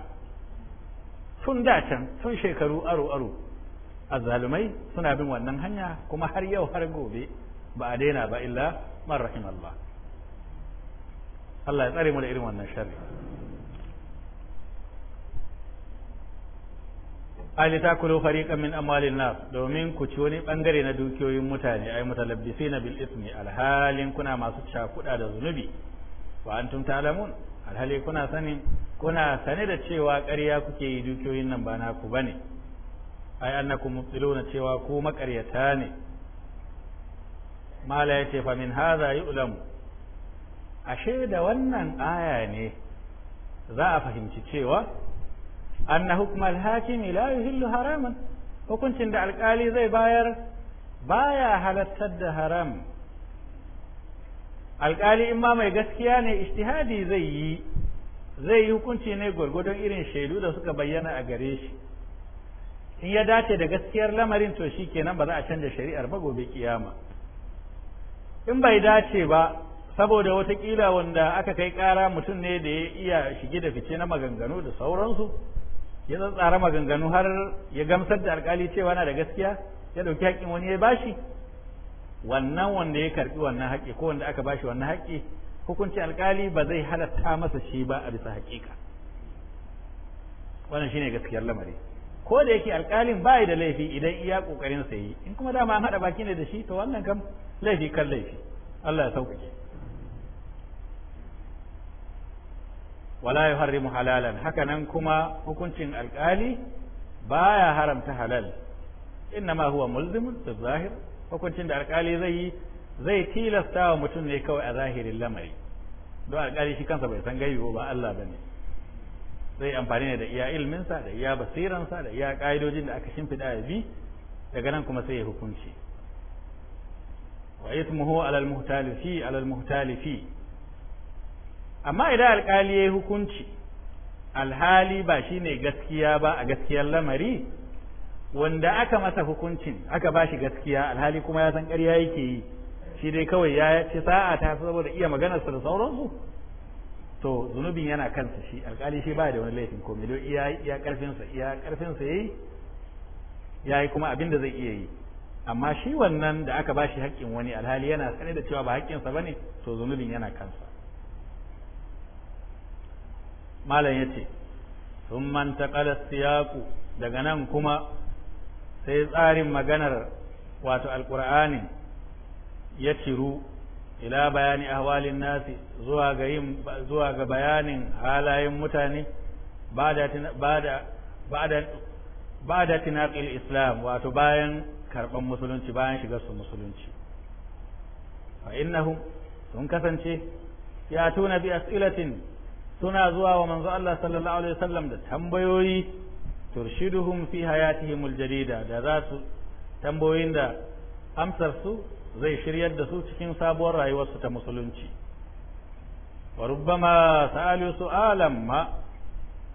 tun da can tun shekaru aro aro azzalumai suna bin wannan hanya kuma har yau har gobe ba a daina ba illa man rahim Allah Allah ya tsare mu da irin wannan sharri ali kulo fariqan min amwalin nas domin ku ci wani bangare na dukiyoyin mutane ai ay na bil ismi alhalin kuna masu cakuda da zunubi wa antum ta'lamun alhali kuna sani kuna sane da cewa ƙarya kuke yi dukiyoyin nan ba naku bane ay annakum mubtiluna cewa ku makaryata ne mala yace fa min hadha yu'lam ashe da wannan aya ne za a fahimci cewa anna hukmal hakimi la yuhillu haraman hukuncin da alkali zai bayar baya halartar da haram alkali in ma mai gaskiya ne ijtihadi zai yi zai yi hukunci ne gwargwadon irin shaidu da suka bayyana a gare shi in ya dace da gaskiyar lamarin to shi kenan ba za a canza shari'ar ba gobe kiyama in bai dace ba saboda watakila wanda aka kai ƙara mutum ne da ya iya shige da fice na maganganu da sauransu ya tsara maganganu har ya gamsar da alkali cewa na da gaskiya ya ɗauki haƙƙin wani ya bashi wannan wanda ya karbi wannan haƙƙi ko wanda aka bashi wannan haƙƙi hukunci alkali ba zai halatta masa shi ba a bisa haƙiƙa wannan shine gaskiyar lamari ko da yake alƙalin ba da laifi idan iya ƙoƙarin sa yi in kuma dama an haɗa baki ne da shi to wannan kam laifi kan laifi Allah ya sauƙaƙe wala ya mu halalan haka nan kuma hukuncin alƙali baya haramta halal ma huwa mulzimun da zahir hukuncin da alƙali zai yi zai tilasta wa mutum ne kawai a zahirin lamari don alƙali shi kansa bai san gaibi ba Allah ne zai amfani ne da iya ilminsa da iya basiransa da iya ƙa'idojin da aka shimfiɗa ya bi daga nan kuma sai ya hukunci wa ismuhu alal muhtalifi alal muhtalifi amma idan alƙali ya yi hukunci alhali ba shi ne gaskiya ba a gaskiyar lamari wanda aka masa hukuncin aka ba shi gaskiya alhali kuma ya san ƙarya yake yi shi dai kawai ya ci sa'a ta saboda iya maganarsa da sauransu to zunubin yana kansa shi alkali shi ba da wani laifin komai don iya iya karfinsa iya karfinsa yayi yayi kuma abin da zai iya yi amma shi wannan da aka bashi haƙƙin wani alhali yana sani da cewa ba haƙƙinsa bane to zunubin yana kansa malam yace thumma taqala siyaqu daga nan kuma sai tsarin maganar wato alqur'ani ya ciru ila bayani ahwalin nasi zuwa ga yin zuwa ga bayanin halayen mutane ba'da ba'da ba'da tinaqil islam wato bayan karban musulunci bayan shigar su musulunci fa innahum sun kasance ya tuna bi as'ilatin suna zuwa wa manzo Allah sallallahu alaihi wasallam da tambayoyi turshiduhum fi hayatihim aljadida da za su tambayoyin da amsar su zai shiryar da su cikin sabuwar rayuwarsu ta musulunci wa rubbama sa'alu su'alan ma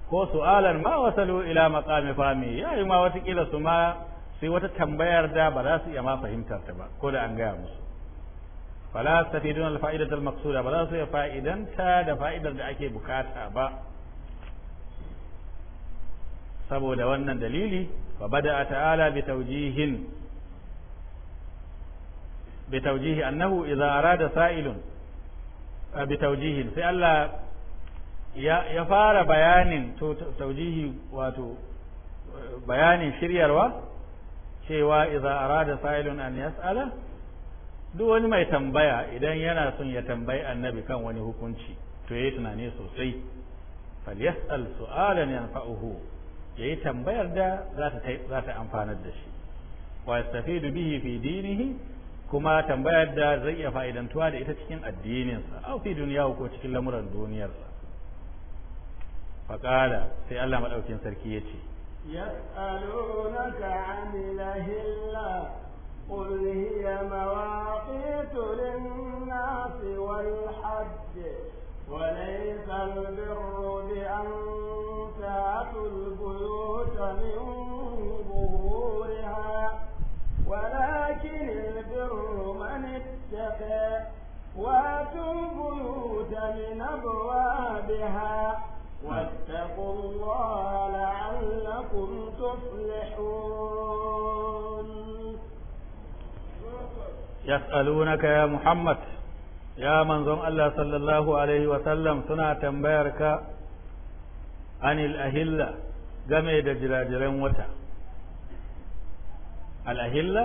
ko su'alan ma wasalu ila maqami fami yayi ma wata kila su ma sai wata tambayar da ba za su iya ma fahimtar ta ba ko da an gaya musu fala tafidun al fa'idatu al maqsuda ba za su iya fa'idanta da fa'idar da ake bukata ba saboda wannan dalili fa bada ta'ala bi tawjihin bitawjihi annahu idza arada sa'ilun bitaujihin sai Allah ya fara bayanin to wato bayanin shiryarwa cewa idza arada sa'ilun an yas'ala duk wani mai tambaya idan yana son ya tambayi annabi kan wani hukunci to yayi tunani sosai falyas'al su'alan yanfa'uhu yayi tambayar da za ta amfanar da shi wa yastafidu bihi fi dinihi kuma tambayar da zai iya fa'idantuwa da ita cikin addininsa au fi duniya ko cikin lamuran duniyarsa faqala sai Allah madaukin sarki yace yas'alunaka 'anil hilla qul hiya mawaqitu lin-nas wal-hajj وليس البر بأن تأتوا البيوت من ظهورها ولكن البر من اتقى واتوا البيوت من أبوابها واتقوا الله لعلكم تفلحون يسألونك يا محمد يا من منظم الله صلى الله عليه وسلم سنة تنبيرك عن الأهلة game da وتعالى al'ahilla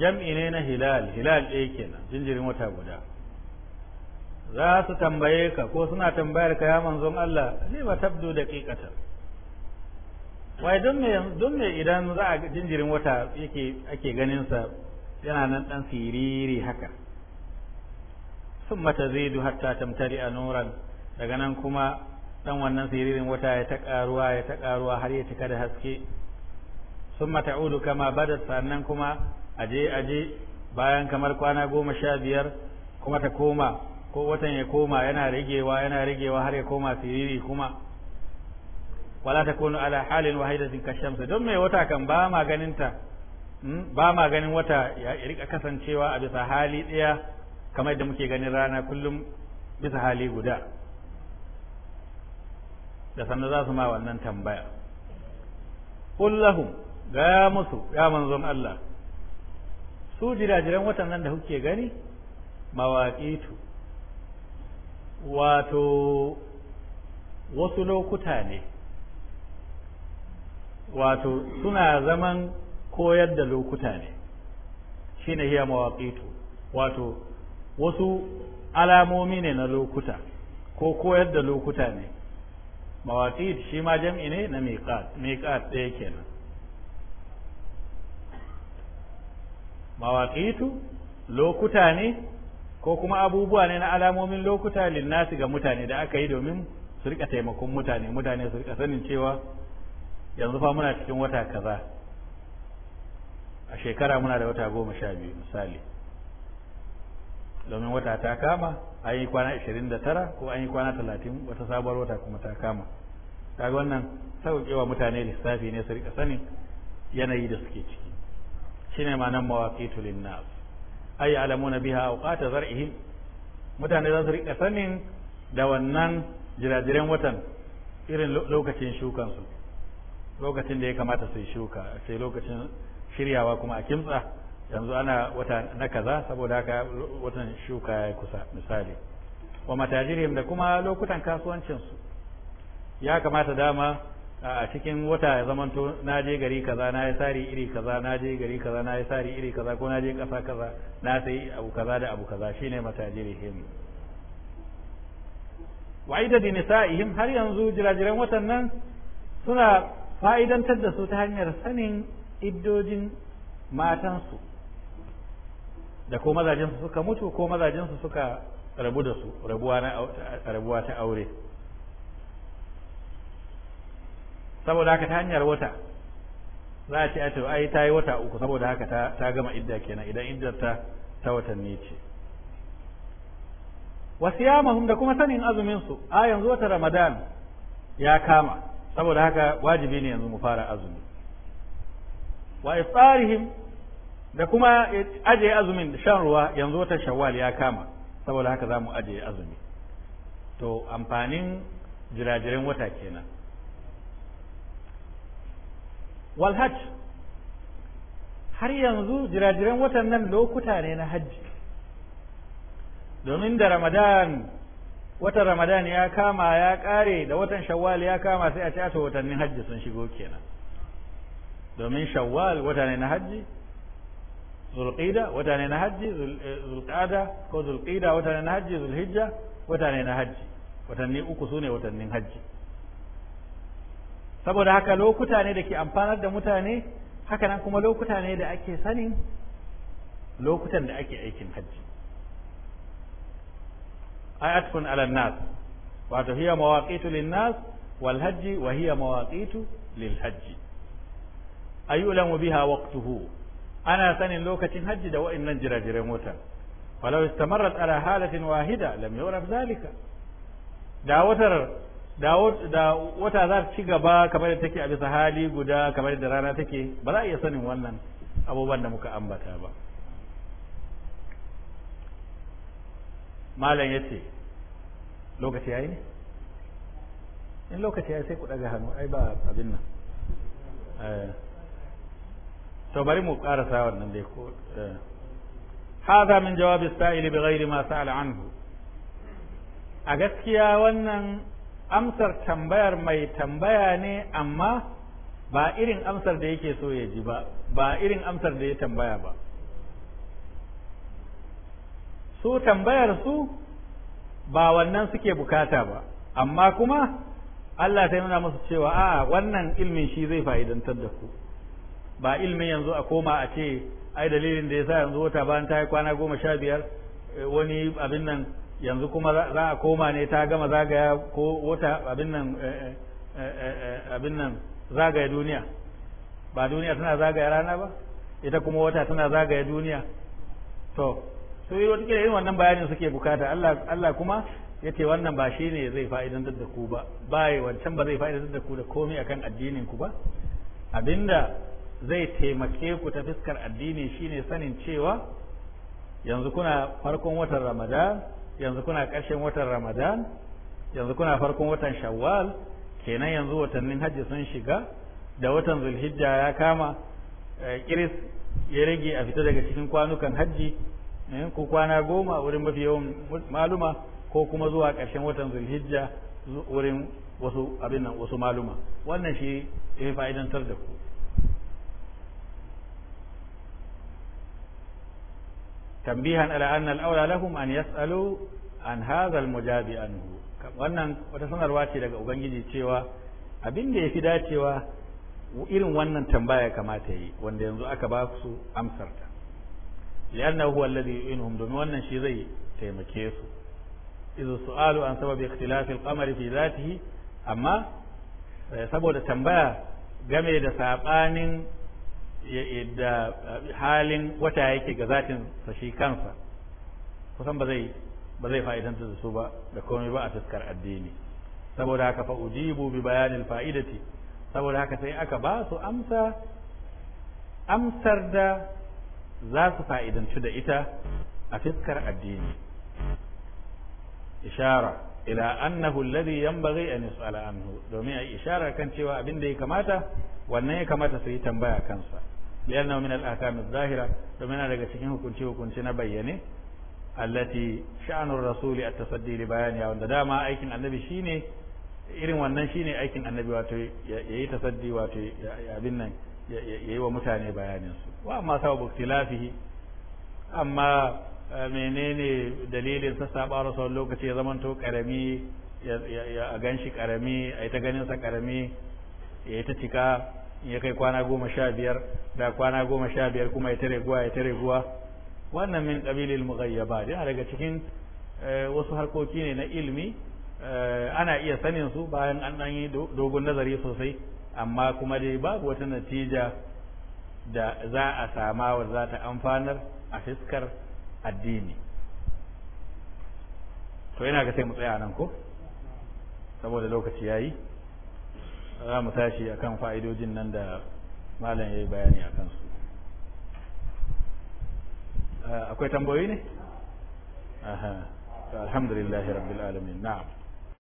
jam'i ne na hilal hilal ɗaya kenan jinjirin wata guda za su tambaye ka ko suna tambayar ka ya manzon Allah ne ba tabdu da ƙiƙata wai don me idan za a jinjirin wata yake ake ganinsa yana nan ɗan siriri haka Sun mata zai du hatta tamtari a nuran daga nan kuma ɗan wannan siririn wata ya ta ƙaruwa ya ta ƙaruwa har ya cika da haske ثم تعود كما بدت sannan kuma aje aje bayan kamar kwana goma sha biyar kuma ta koma ko watan ya koma yana rigewa yana rigewa har ya koma siriri kuma wala ta kunu ala halin wahidatin kashamsa don mai wata kan ba ma ganin ta hmm? ba ma ganin wata ya rika kasancewa a bisa hali ɗaya kamar da muke ganin rana kullum bisa hali guda da sannan za su ma wannan tambaya qul gaya musu ya manzon Allah su jirajiran watan nan da kuke gani mawaƙitu wato wasu lokuta ne wato suna zaman koyar da lokuta ne shi ne hiya mawaqitu wato wasu alamomi ne na lokuta ko koyar da lokuta ne mawaqit shi ma jam'i ne na miqat miqat ɗaya kenan mawaƙitu lokuta ne ko kuma abubuwa ne na alamomin lokuta linnasi ga mutane da aka yi domin su rika taimakon mutane mutane su rika sanin cewa yanzu fa muna cikin wata kaza a shekara muna da wata goma sha biyu misali domin wata ta kama an yi kwana ashirin da tara ko an yi kwana talatin wata sabuwar wata kuma ta kama kaga wannan sauƙewa mutane lissafi ne su rika sanin yanayi da suke ciki shine ma'anar mawaqitu linnas ay alamuna biha awqata zar'ihim mutane za su rika sanin da wannan jirajiren watan irin lokacin shukan su lokacin da ya kamata su shuka sai lokacin shiryawa kuma a kimtsa yanzu ana wata na kaza saboda haka watan shuka ya kusa misali wa matajirin da kuma lokutan kasuwancin su ya kamata dama a cikin wata ya zamanto na je gari kaza na yi sari iri kaza na je gari kaza na yi sari iri kaza ko na je kasa kaza na sai abu kaza da abu kaza shine matajiri him wa din sa'ihim har yanzu jirajiran watan nan suna fa'idantar da su ta hanyar sanin iddojin matansu da ko mazajensu suka mutu ko mazajensu suka rabu da su rabuwa ta aure saboda haka ta hanyar wata za a ce a to ai ta yi wata uku saboda haka ta ta gama idda kenan idan iddar ta ta watanni ce wasiyamahum da kuma sanin azumin su a yanzu wata ramadan ya kama saboda haka wajibi ne yanzu mu fara azumi wa iftarihim da kuma ajiye azumin shan ruwa yanzu wata shawwal ya kama saboda haka za mu ajiye azumi to amfanin jirajiren wata kenan wal hajj har yanzu jirajiran watan nan lokuta ne na hajji domin da ramadan watan ramadan ya kama ya kare da watan shawwal ya kama sai a ce ato watannin hajji sun shigo kenan domin shawwal wata ne na hajji zulqida wata ne na hajji eh, zulqada ko zulqida wata ne na hajji zulhijja wata ne na hajji watanni uku sune watannin hajji saboda haka lokuta ne da ke amfanar da mutane haka nan kuma lokuta ne da ake sanin lokutan da ake aikin hajji ayatun ala nas wato hiya mawaqitu lin nas wal hajji wa hiya mawaqitu lil hajji ayulamu biha waqtuhu ana sanin lokacin hajji da wa'annan jirajire mota falau istamarrat ala halatin wahida lam yuraf zalika da watar da wata za ta ci gaba kamar da take a bisa hali guda kamar da rana take ba za a iya sanin wannan abubuwan da muka ambata ba malam ya ce lokaci ya yi ne in lokaci ya sai ku ɗaga hannu ai ba abin nan eh, to bari mu ƙarasa wannan dai ko هذا من جواب السائل بغير ما سأل عنه a gaskiya wannan amsar tambayar mai tambaya ne amma ba irin amsar da yake so ya ji ba ba irin amsar da ya tambaya ba su tambayar su ba wannan suke bukata ba amma kuma Allah ta nuna musu cewa a wannan ilmin shi zai fa'idantar da ku ba ilmin yanzu a koma a ce ai dalilin da ya sa yanzu wata bayan ta yi kwana goma sha biyar eh, wani abin nan yanzu kuma za a koma ne ta gama zagaya ko wata abin nan eh, eh, eh, abin nan zagaya duniya ba duniya tana zagaya rana ba ita kuma wata tana zagaya duniya to su yi wata yin wannan bayanin suke bukata Allah Allah kuma ya ce wannan ba shi ne zai fa’idan da ku ba baye wancan ba zai fa’idan da ku da komi akan addinin ku ba abinda zai taimake ku ta fuskar addini shine sanin cewa yanzu kuna farkon watan Ramadan yanzu kuna ƙarshen watan ramadan yanzu kuna farkon watan shawwal kenan yanzu watannin hajji sun shiga da watan zulhijja ya kama eh, kiris ya rage a fita daga cikin kwanukan hajji eh, ko kwana goma wurin mafi yawan maluma ko kuma zuwa ƙarshen watan zulhijja wurin wasu abin nan wasu maluma wannan shi ya fa'idantar da ku tambihan ala anna al-aula lahum an yas'alu an hadha al-mujabi anhu wannan wata sanarwa ce daga ubangiji cewa abin da yafi dacewa irin wannan tambaya kamata yi wanda yanzu aka ba su amsar ta li'anna alladhi yu'inuhum domin wannan shi zai taimake su idh su'alu an sababi ikhtilaf al-qamar fi dhatihi amma eh, saboda tambaya game da sabanin da eh, halin wata yake ga zatin sa shi kansa kusan ba zai ba zai fa'idanta da su ba da komai ba a fuskar addini saboda haka fa ujibu bi bayanil fa'idati saboda haka sai aka ba su amsa amsar da za su fa'idanci da ita a fuskar addini ishara ila annahu alladhi yanbaghi an yus'ala anhu domin ai ishara kan cewa abin da ya kamata wannan ya kamata su yi tambaya kansa lianna min al-ahkam az-zahira domin daga cikin hukunci hukunci na bayyane allati sha'anur rasuli at-tasaddi li bayani wanda dama aikin annabi shine irin wannan shine aikin annabi wato yayi tasaddi wato abin nan yayi wa mutane bayanin su wa amma sababu ikhtilafihi amma eh, menene dalilin sa saba rasul lokaci ya zamanto karami ya ganshi karami ai ta ganin sa karami ya ta cika ya kai kwana goma sha biyar da kwana goma sha biyar kuma ya tare guwa ya tare guwa wannan min qabilil mughayyaba yana daga cikin eh, wasu harkoki ne na ilimi eh, ana iya sanin su bayan an dan yi dogon nazari sosai amma kuma dai babu wata natija da za a sama wa za ta amfanar a fiskar addini to yana ga sai mu tsaya nan ko saboda lokaci yayi za mu tashi kan fa'idojin nan da malam ya yi bayani a kansu akwai tambayoyi ne? alhamdulillahi rabbil alamin na'am